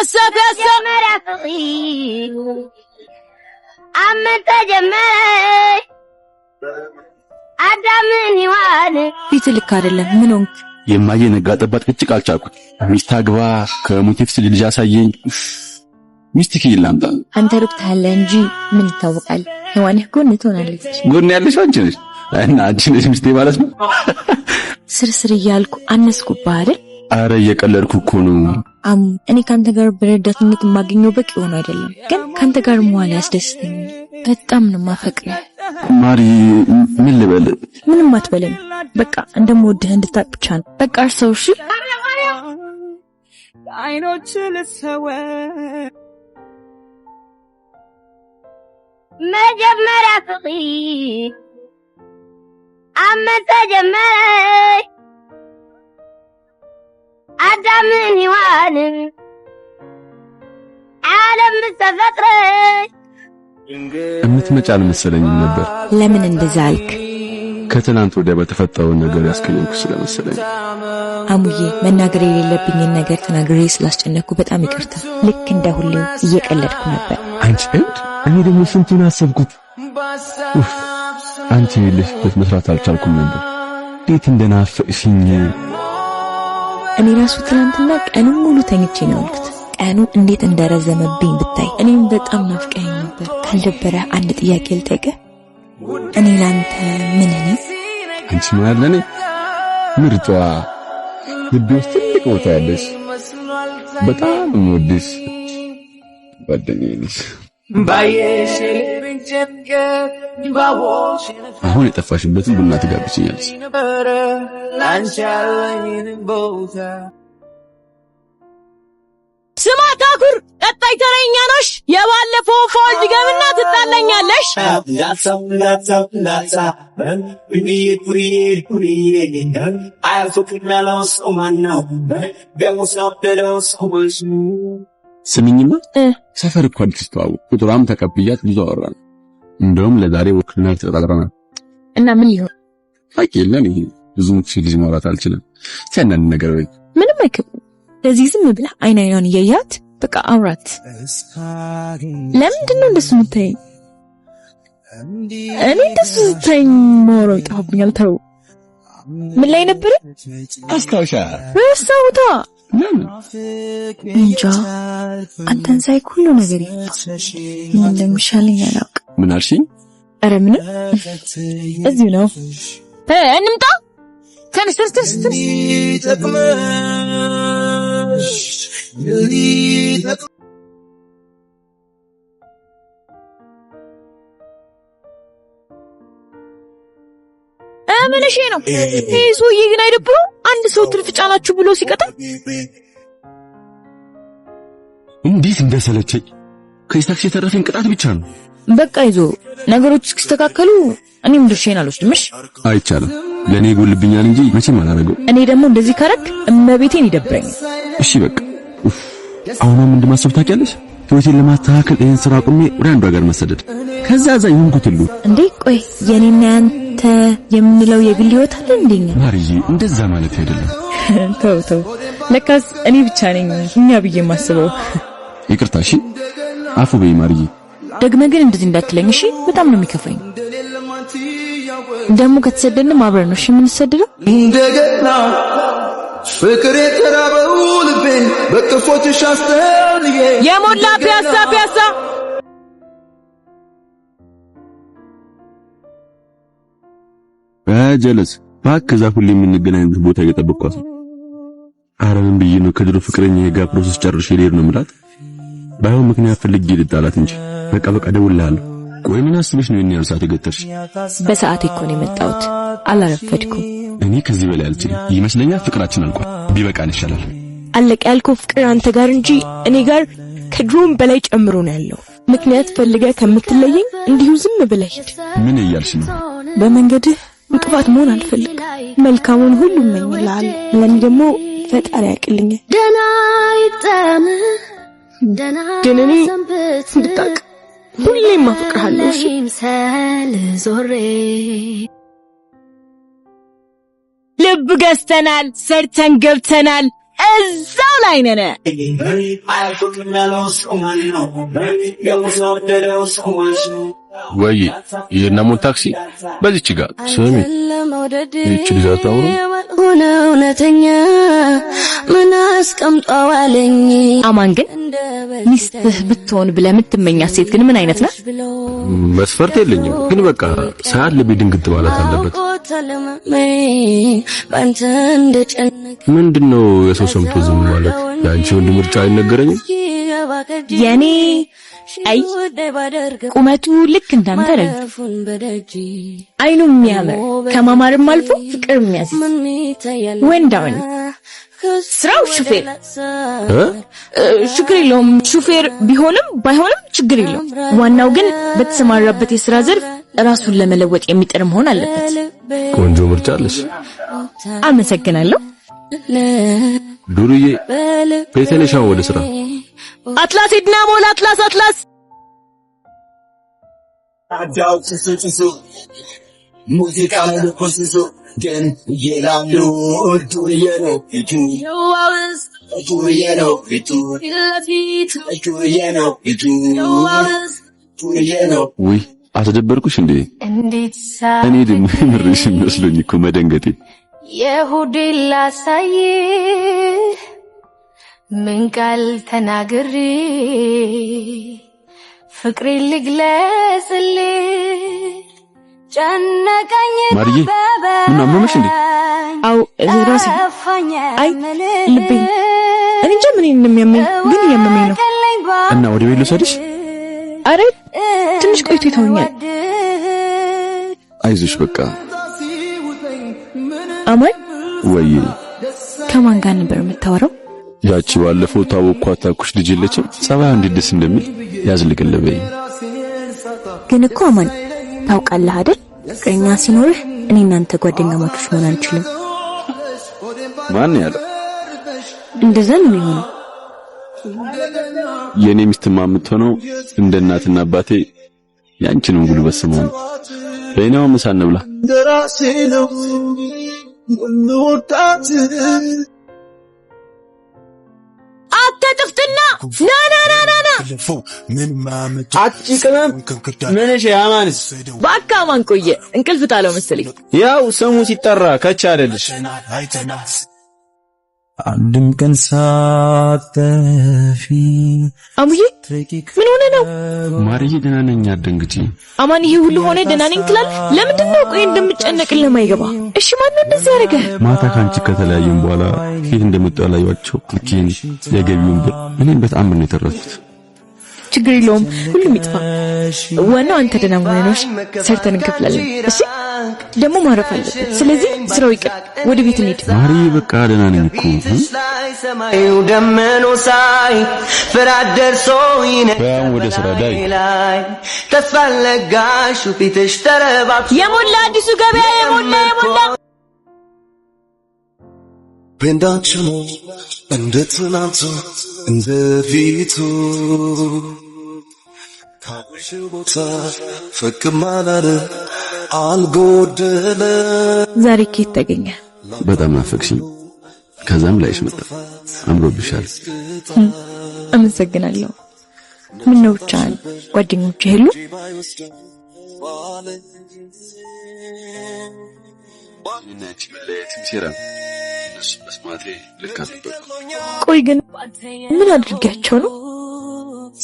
ያሰብ ያሰብ አመን ተጀመረ አዳምን ይዋል ፊት ልክ አይደለም። ምን ሆንክ? የማየ ነጋ ጠባት ቅጭቅ አልቻልኩት። ሚስት አግባ ከሞቲቭ ስል ልጅ አሳየኝ ሚስት ከይል ላምጣ። አንተ ሩቅታለህ እንጂ ምን ይታወቃል? ሔዋንህ ጎን ትሆናለች። ጎን ያለሽ አንቺ ነሽ እና አንቺ ነሽ ሚስቴ ማለት ነው። ስርስር እያልኩ አነስኩብህ አይደል? አረ እየቀለድኩ እኮ ነው። አሙ እኔ ከአንተ ጋር በረዳትነት የማገኘው በቂ ሆኖ አይደለም፣ ግን ከአንተ ጋር መዋል ያስደስተኝ። በጣም ነው ማፈቅረ ማሪ። ምን ልበል? ምንም አትበለኝ። በቃ እንደምወድህ እንድታቅ ብቻ ነው። በቃ እርሰው። እሺ አይኖች ልሰወ መጀመሪያ ፍቅሪ አመተ ጀመረ ምን ይሆን ዓለም ምስተፈጥረች እምትመጫል መሰለኝ ነበር። ለምን እንደዛ አልክ? ከትናንት ወዲያ በተፈጠረውን ነገር ያስቀየምኩ ስለመሰለኝ። አሙዬ መናገር የሌለብኝን ነገር ተናግሬ ስላስጨነቅኩ በጣም ይቅርታ። ልክ እንደ ሁሌው እየቀለድኩ ነበር። አንቺ እብድ! እኔ ደግሞ ስንቱን አሰብኩት። አንቺ የሌለሽበት መስራት አልቻልኩም ነበር። እንዴት እንደናፈቅሽኝ እኔ ራሱ ትናንትና ቀንም ሙሉ ተኝቼ ነው ያልኩት። ቀኑ እንዴት እንደረዘመብኝ ብታይ። እኔም በጣም ናፍቀኝ ነበር። ካልደበረ አንድ ጥያቄ ልጠይቅህ። እኔ ላንተ ምን ነኝ? አንቺ ማለት ለኔ ምርጧ፣ ልቤ ውስጥ ትልቅ ቦታ ያለሽ፣ በጣም የምወድሽ ጓደኛዬ ነሽ ባየሽ አሁን የጠፋሽበትን ቡና ትጋብችኛለች። ስማ ታኩር፣ ቀጣይ ተረኛ ነሽ። የባለፈው ፎልድ ገብና ትጣለኛለሽ። ስምኝማ፣ ሰፈር እኮ አዲስ ተዋወቅ ቁጥሯም ተቀብያት ብዙ አወራን። እንደውም ለዛሬ ወክልና ተቀጥረናል እና ምን ይሁን አቂ ለኔ ብዙ ብዙም ጊዜ ማውራት አልችልም። ሲያናን ነገር ወይ ምንም አይከብ። ለዚህ ዝም ብለህ አይን አይኗን እያያት በቃ አውራት። ለምንድን ነው እንደሱ የምታየኝ? እኔ እንደሱ ስታየኝ ማውራው ይጠፋብኛል። ተው ምን ላይ ነበር? አስታውሻ ረሳሁታ። እንጃ አንተን ሳይ ሁሉ ነገር ይፋ ምን እንደሚሻለኝ ምን አልሽኝ? ኧረ ምንም እዚሁ ነው። እንምጣ ተንሽ ተንሽ ተንሽ ተንሽ። ምንሽ ነው ይህ ሰውዬ ግን አይደብረው? አንድ ሰው ትርፍ ጫናችሁ ብሎ ሲቀጣ እንዴት እንደሰለቸኝ። ከዚህ ታክሲ የተረፈኝ ቅጣት ብቻ ነው። በቃ ይዞ ነገሮች እስኪስተካከሉ እኔም ድርሼን አልወስድምሽ። አይቻልም። ለእኔ ይጎልብኛል እንጂ መቼም አላደርገው። እኔ ደግሞ እንደዚህ ካረግ እመቤቴን ይደብረኛል። እሺ በቃ አሁንም እንድማሰብ ታውቂያለሽ። ህይወቴን ለማስተካከል ይህን ስራ አቁሜ ወደ አንዱ ሀገር መሰደድ፣ ከዛ እዛ ይሁንኩት ሁሉ እንዴ። ቆይ የኔና ያንተ የምንለው የግል ህይወት አለ እንደኛ? ማርዬ፣ እንደዛ ማለት አይደለም። ተው ተው፣ ለካስ እኔ ብቻ ነኝ እኛ ብዬ የማስበው። ይቅርታ። እሺ አፉ በይ ማርዬ። ደግመ ግን እንደዚህ እንዳትለኝ እሺ። በጣም ነው የሚከፋኝ። ደግሞ ከተሰደድንም አብረን ነው የምንሰደደው። እንደገና ፍቅር የተራበው ልቤ በቅፎችሽ አስተልዬ የሞላ ፒያሳ ፒያሳ ጀለስ እባክህ እዛ ሁሌ የምንገናኝበት ቦታ እየጠበቅኳት። አረ ምን ብዬ ነው ከድሮ ፍቅረኛ የጋ ፕሮሰስ ጨርሼ ልሄድ ነው የምላት ባይሆን ምክንያት ፈልጌ ልጣላት እንጂ። በቃ በቃ እደውልልሃለሁ። ቆይ ምን አስበሽ ነው የኛን ሰዓት የገጠርሽ? በሰዓት እኮ ነው የመጣሁት፣ አላረፈድኩም። እኔ ከዚህ በላይ አልችልም ይመስለኛል። ፍቅራችን አልቋል፣ ቢበቃን ይሻላል። አለቀ ያልከው ፍቅር አንተ ጋር እንጂ እኔ ጋር ከድሮም በላይ ጨምሮ ነው ያለው። ምክንያት ፈልገ ከምትለየኝ እንዲሁ ዝም ብለህ ሂድ። ምን እያልሽ ነው? በመንገድህ እንቅፋት መሆን አልፈልግም። መልካሙን ሁሉ እመኝልሃለሁ። ለእኔ ደግሞ ፈጣሪ ያቅልኛል። ደህና ይጠም ግን እኔ እንድታቅ ሁሌም አፈቅርሃለሁ። ዞሬ ልብ ገዝተናል፣ ሰርተን ገብተናል። እዛው ላይ ነነ ወይ ይሄን ታክሲ በዚች ጋ ስሚ፣ ይህች ብዛት ሆነ እውነተኛ ምን አስቀምጧዋለኝ። አማን ግን ሚስትህ ብትሆን ብለህ የምትመኛት ሴት ግን ምን አይነት ናት? መስፈርት የለኝም፣ ግን በቃ ሰዓት ልቤ ድንግጥ ማለት አለበት። ምንድን ነው የሰው ሰምቶ ዝም ማለት? የአንቺ ወንድ ምርጫ አይነገረኝም? የኔ አይ ቁመቱ ልክ እንዳንተ ረጅም፣ አይኑ የሚያምር ከማማርም አልፎ ፍቅር የሚያዝ ወንድ ስራው ሹፌር ችግር የለውም። ሹፌር ቢሆንም ባይሆንም ችግር የለውም። ዋናው ግን በተሰማራበት የስራ ዘርፍ ራሱን ለመለወጥ የሚጥር መሆን አለበት። ቆንጆ ምርጫ አለሽ። አመሰግናለሁ። ዱርዬ በተለሻ ወደ ስራ አትላስ ሂድና ሞላ አትላስ አትላስ ሙዚቃ ለኮስሶ ግን ይላሉ ዱርዬ ነው ፊቱ ዱርዬ ነው ፊቱ ዱርዬ ነው ፊቱ ዱርዬ ነው ውይ አስደበርኩሽ እንዴ እኔ ደግሞ ምርሽ መስሎኝ እኮ መደንገጤ የሆዴ ላሳይ ምን ቃል ተናግሪ ፍቅሬ ልግለጽል ጨነቀኝ ማርዬ እንዴ አው እራሴ አይ ልቤ እኔ እንጃ ምን እንደሚያመኝ ግን እያመመኝ ነው እና ወደ ቤት ልውሰድሽ አረ ትንሽ ቆይቶ ይተውኛል አይዞሽ በቃ አማን ወይ ከማን ጋር ነበር የምታወራው? ያቺ ባለፈው ታወቅኳት ታኩሽ ልጅ የለችም? ጸባዩ እንዴት ደስ እንደሚል ያዝልቅልበይ። ግን እኮ አማን ታውቃለህ አይደል? ፍቅረኛ ሲኖርህ እኔ እናንተ ጓደኛ ማቾች መሆን አንችልም። ማን ያለው እንደዛ ነው የሚሆነው? የኔ ሚስትማ የምትሆነው እንደ እናትና አባቴ ያንቺንም ጉልበት ስማ ነው። በእኔው ምሳ እንብላ አትጥፍትና ና ና ና ቅመም ምን እሺ፣ አማንስ አማን ቆየ እንቅልፍ ጣለው መሰለኝ። ያው ስሙ ሲጠራ ከቻ አይደልሽ አንድም ቀን ሳጠፊ። አሙዬ ምን ሆነ ነው? ማርዬ ደህና ነኝ፣ አደንግጪ። አማን ይሄ ሁሉ ሆነ ደህና ነኝ ትላል። ለምንድን ነው ቆይ እንደምጨነቅን ለማይገባ? እሺ ማን ነው እንደዚህ ያደረገ? ማታ ካንቺ ከተለያየን በኋላ ፊት እንደመጣ ያላዩአቸው ልኬን የገቢውን ብር እኔም በጣም ነው የተረፉት። ችግር የለውም። ሁሉም ይጥፋ፣ ዋናው አንተ ደህና መሆንሽ። ሰርተን እንከፍላለን። እሺ ደግሞ ማረፍ አለበት። ስለዚህ ስራው ይቅር፣ ወደ ቤት እንሂድ። ማሪ በቃ ደህና ነኝ እኮ ደመኖ ሳይ ፍራት ደርሶ ይነቃል። ወደ ስራ ዳይ ተስፋ ለጋሽ ፊትሽ ተረባ የሞላ አዲሱ ገበያ የሞላ የሞላ ብንዳችኑ እንደ ትናንቱ እንደ ፊቱ ቦታ ፈቅ ማላለ አልጎደለ። ዛሬ ኬት ተገኘ? በጣም አፈቅሽኝ። ከዛም ላይሽ መጣ። አምሮብሻል። አመሰግናለሁ። ምን ነው ብቻህን? ጓደኞች የሉ? ባለ ጊዜ ባለ ቆይ ግን ምን አድርጊያቸው ነው?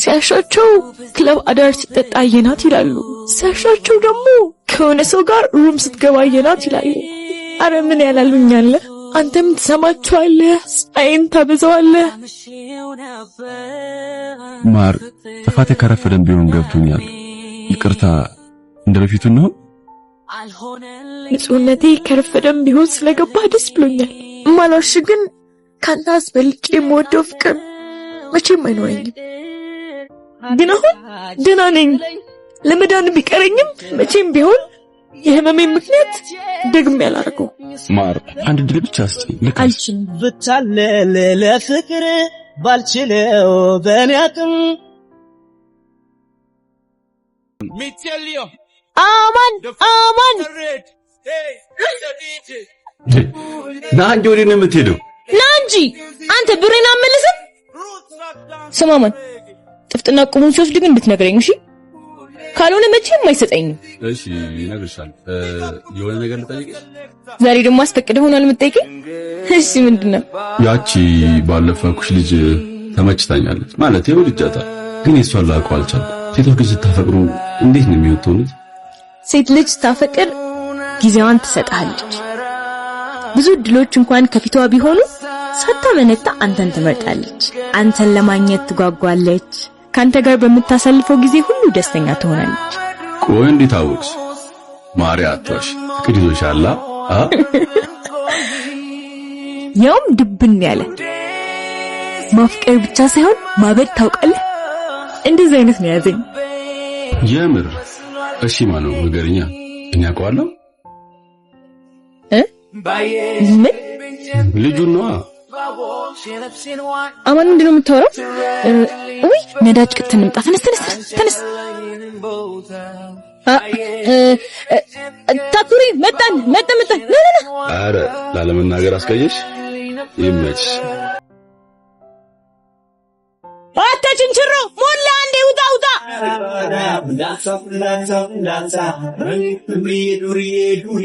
ሲያሻቸው ክለብ አዳር ሲጠጣ አየናት ይላሉ። ሲያሻቸው ደግሞ ከሆነ ሰው ጋር ሩም ስትገባ አየናት ይላሉ። አረ ምን ያላሉኛለ። አንተም ትሰማቸዋለህ፣ አይን ታበዛዋለህ። ማር ጥፋቴ ከረፈደን ቢሆን ገብቶኛል። ይቅርታ እንደ በፊቱ ነው። ንጹህነቴ ከረፈደን ቢሆን ስለገባ ደስ ብሎኛል። ማለሽ ግን ከአንተ አስበልጬ የምወደው ፍቅር መቼም አይኖረኝም። ግን አሁን ደህና ነኝ። ለመዳን ቢቀረኝም መቼም ቢሆን የህመሜ ምክንያት ደግሜ ያላርገው። ማር አንድ ድል ብቻ ስጪኝ። አልችልም ብታለል ለፍቅር ባልችለው በእኔ አቅም አማን አማን ና እንጂ ወዴት ነው የምትሄደው? ና እንጂ አንተ ብሬን አመልስም። ስማማን ጥፍጥና ቁሙን ሲወስድ ግን እንድትነግረኝ እሺ። ካልሆነ መቼም አይሰጠኝም። እሺ ይነግርሻል። የሆነ ነገር ልጠይቅሽ። ዛሬ ደግሞ አስፈቅደ ሆኗል የምትጠይቀኝ? እሺ ምንድነው? ያቺ ባለፈኩሽ ልጅ ተመችታኛለች ማለት ይወድጃታ፣ ግን የሷን ላውቀው አልቻልኩም። ሴቶች ልጅ ስታፈቅሩ እንዴት ነው የሚወጡት? ሴት ልጅ ስታፈቅር ጊዜዋን ትሰጣለች? ብዙ እድሎች እንኳን ከፊቷ ቢሆኑ ሳታመነታ አንተን ትመርጣለች። አንተን ለማግኘት ትጓጓለች። ከአንተ ጋር በምታሳልፈው ጊዜ ሁሉ ደስተኛ ትሆናለች። ቆይ እንዴት አወቅሽ? ማርያ አጥቶሽ ክዲዞሻላ ያውም ድብን ያለ ማፍቀር ብቻ ሳይሆን ማበድ ታውቃለህ። እንደዚህ አይነት ነው ያዘኝ የምር። እሺ ማነው ነገርኛ እኔ አውቀዋለሁ። ምን ልጁ ነዋ። አማን ምንድን ነው የምታወራው? ውይ ነዳጅ ቅት እንምጣ። ተነስ ተነስ ተነስ። ታኩሪ መጣን መጣ መጣ። መጣን መጣን። ኧረ ላለመናገር አስቀየሽ። ይመች አታ ችንችሮ ሞላ አንዴ ውጣ ውጣ። ዳንሳ ዳንሳ ዳንሳ ዱርዬ ዱርዬ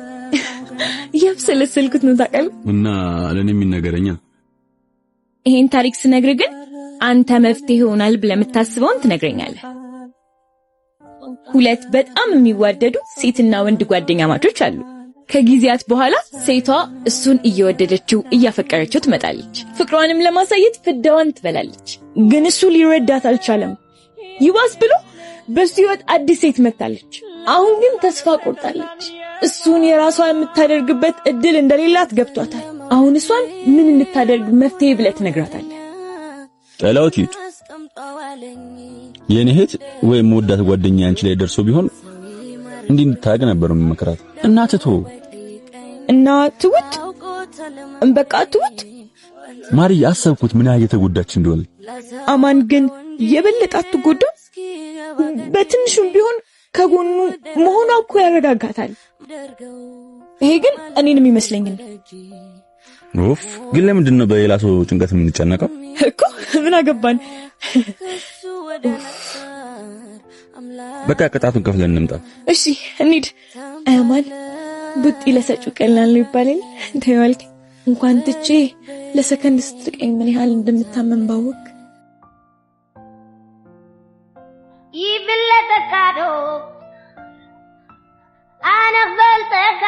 እያብሰለሰልኩት ነው ታውቃለህ። እና ለእኔ የሚነገረኛል ይሄን ታሪክ ስነግር ግን አንተ መፍትሄ ይሆናል ብለህ የምታስበውን ትነግረኛለህ። ሁለት በጣም የሚዋደዱ ሴትና ወንድ ጓደኛ ማቾች አሉ። ከጊዜያት በኋላ ሴቷ እሱን እየወደደችው እያፈቀረችው ትመጣለች። ፍቅሯንም ለማሳየት ፍዳዋን ትበላለች። ግን እሱ ሊረዳት አልቻለም። ይባስ ብሎ በሱ ሕይወት አዲስ ሴት መታለች አሁን ግን ተስፋ ቆርጣለች። እሱን የራሷ የምታደርግበት እድል እንደሌላት ገብቷታል። አሁን እሷን ምን እንታደርግ መፍትሄ ብለህ ትነግራታለህ? ጥላውት ይውጡ። የኔ እህት ወይም ወዳት ጓደኛ አንቺ ላይ ደርሶ ቢሆን እንዲህ እንድታደርግ ነበር የምመክራት። ትቶ እና ትውት እንበቃ ትውት ማሪ አሰብኩት ምን ያህል የተጎዳች እንደሆነ። አማን ግን የበለጠ አትጎዳም። በትንሹም ቢሆን ከጎኑ መሆኗ እኮ ያረጋጋታል። ይሄ ግን እኔንም ይመስለኝ ኡፍ! ግን ለምንድን ነው በሌላ ሰው ጭንቀት የምንጨነቀው? እኮ ምን አገባን። በቃ ቅጣቱን ከፍለን እንምጣ። እሺ እንሂድ። አያማን ቡጢ ለሰጩ ቀላል ነው ይባላል። እንኳን ትቼ ለሰከንድ ስትቀኝ ምን ያህል እንደምታመን ባወቅ ስለተካዶ አነበልጠካ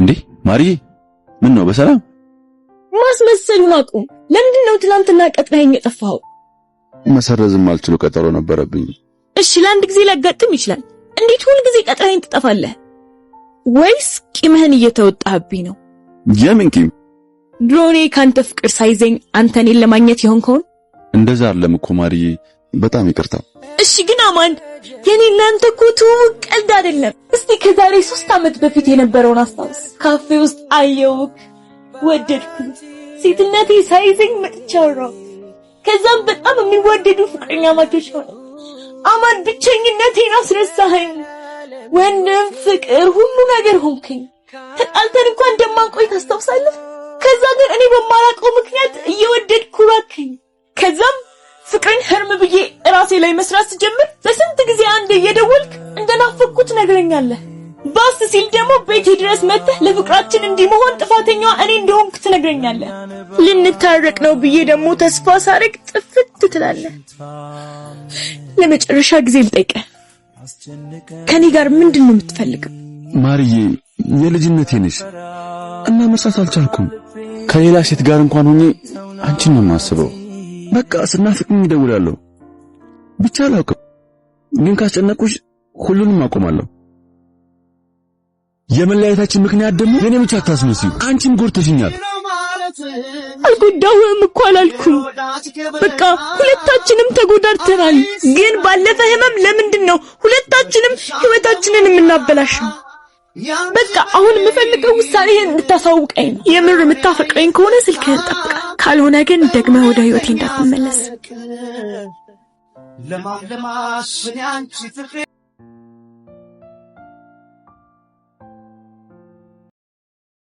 እንዴ ማርዬ፣ ምን ነው በሰላም ማስመሰሉን አቁም። ለምንድን ነው ትናንትና ቀጥረኸኝ የጠፋኸው? መሰረዝም አልችሉ ቀጠሮ ነበረብኝ። እሺ ለአንድ ጊዜ ሊያጋጥም ይችላል። እንዴት ሁል ጊዜ ቀጥረኸኝ ትጠፋለህ? ወይስ ቂምህን እየተወጣህብኝ ነው? የምን ቂም? ድሮ እኔ ካንተ ፍቅር ሳይዘኝ አንተ እኔን ለማግኘት የሆንከውን እንደዛ አለም እኮ ማርዬ፣ በጣም ይቅርታ። እሺ ግን አማን፣ የኔ እናንተ እኮ ትውውቅ ቀልድ አይደለም። እስቲ ከዛሬ ሶስት ዓመት በፊት የነበረውን አስታውስ። ካፌ ውስጥ አየውክ ወደድኩ። ሴትነቴ ሳይዘኝ መጥቻው ነው። ከዛም በጣም የሚወደዱ ፍቅረኛ ማቾች ሆነ። አማን፣ ብቸኝነቴን አስረሳኸኝ። ወንድም፣ ፍቅር፣ ሁሉ ነገር ሆንከኝ። ተጣልተን እንኳን እንደማንቆይ ታስታውሳለህ። ከዛ ግን እኔ በማላውቀው ምክንያት እየወደድኩ እባክህ ከዛም ፍቅርን ህርም ብዬ እራሴ ላይ መስራት ስጀምር በስንት ጊዜ አንዴ እየደወልክ እንደናፈኩት ትነግረኛለህ። ባስ ሲል ደግሞ ቤቴ ድረስ መጥተህ ለፍቅራችን እንዲህ መሆን ጥፋተኛዋ እኔ እንደሆንክ ትነግረኛለህ። ልንታረቅ ነው ብዬ ደግሞ ተስፋ ሳረግ ጥፍት ትላለህ። ለመጨረሻ ጊዜ ልጠይቅህ፣ ከኔ ጋር ምንድን ነው የምትፈልገው? ማርዬ የልጅነቴ ነሽ እና መርሳት አልቻልኩም። ከሌላ ሴት ጋር እንኳን ሆኜ አንቺን ነው የማስበው። በቃ ስናፍቅኝ እደውላለሁ። ብቻ አላውቅም፣ ግን ካስጨነቁሽ ሁሉንም አቆማለሁ። የመለያየታችን ምክንያት ደግሞ የኔ ብቻ አታስመስዩ። አንቺም ጎድተሽኛል። አልጎዳሁም እኮ አላልኩም። በቃ ሁለታችንም ተጎዳድተናል። ግን ባለፈ ህመም ለምንድን ነው ሁለታችንም ህይወታችንን የምናበላሸው? በቃ አሁን የምፈልገው ውሳኔህን እንድታሳውቀኝ ነው። የምር የምታፈቅረኝ ከሆነ ስልክህን ጠብቃ፣ ካልሆነ ግን ደግመ ወደ ህይወቴ እንዳትመለስ። ለማለማስን ያንቺ ፍቅሬ